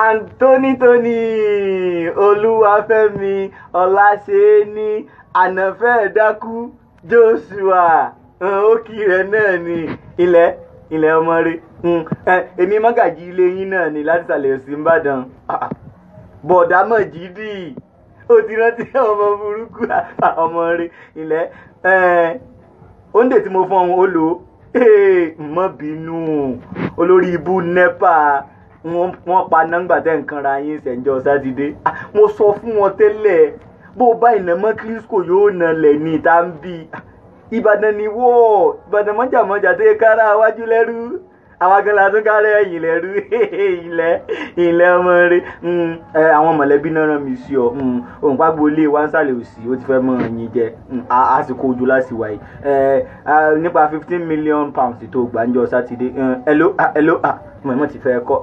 and Tony, olúwàfẹ́mi ọláṣẹ́ni ànàfẹ́ dákú joshua òkì rẹ̀ náà ni ilẹ̀ ilẹ̀ ọmọ èmi mọ́gàjì ilé yín náà ni láti sàlẹ̀ òsì ńbàdàn bọ̀dá mọ̀jídì ó ti rántí ọmọ burúkú ọmọ rẹ̀ ilẹ̀ oúnjẹ tí mo fọ́ ọ́n ó lò ó mọ̀ bínú olórí ibú nẹ́pà wọ́n pa nọ́ngbà tẹ́ nǹkan ra yín ṣẹ̀njọ́ sátidé mo sọ fún wọn tẹ́lẹ̀ bó o bá ìnàmọ́ kírísíkò yóò nà lẹ̀ ní ìta ń bí ìbàdàn ni wọ́ọ̀ ìbàdàn mọ́jàmọ́jà tẹ́ kára wájú lẹ́rú àwa gan la tún kárẹ́ ẹ̀yìn lẹ̀ rú ilẹ̀ ilẹ̀ ọmọ rẹ hmm, àwọn mọ̀lẹ́bí náà ràn mí sí ọ hmm, òun ilé wa ń sàlẹ̀ òsì ó ti fẹ́ mọ ẹ̀yìn jẹ àsìkò hmm, òjò láti wáyé nípa fifteen million pounds tó gbà ń jọ sátidé hello hello mọ̀ọ́mọ̀ ti fẹ́ kọ́.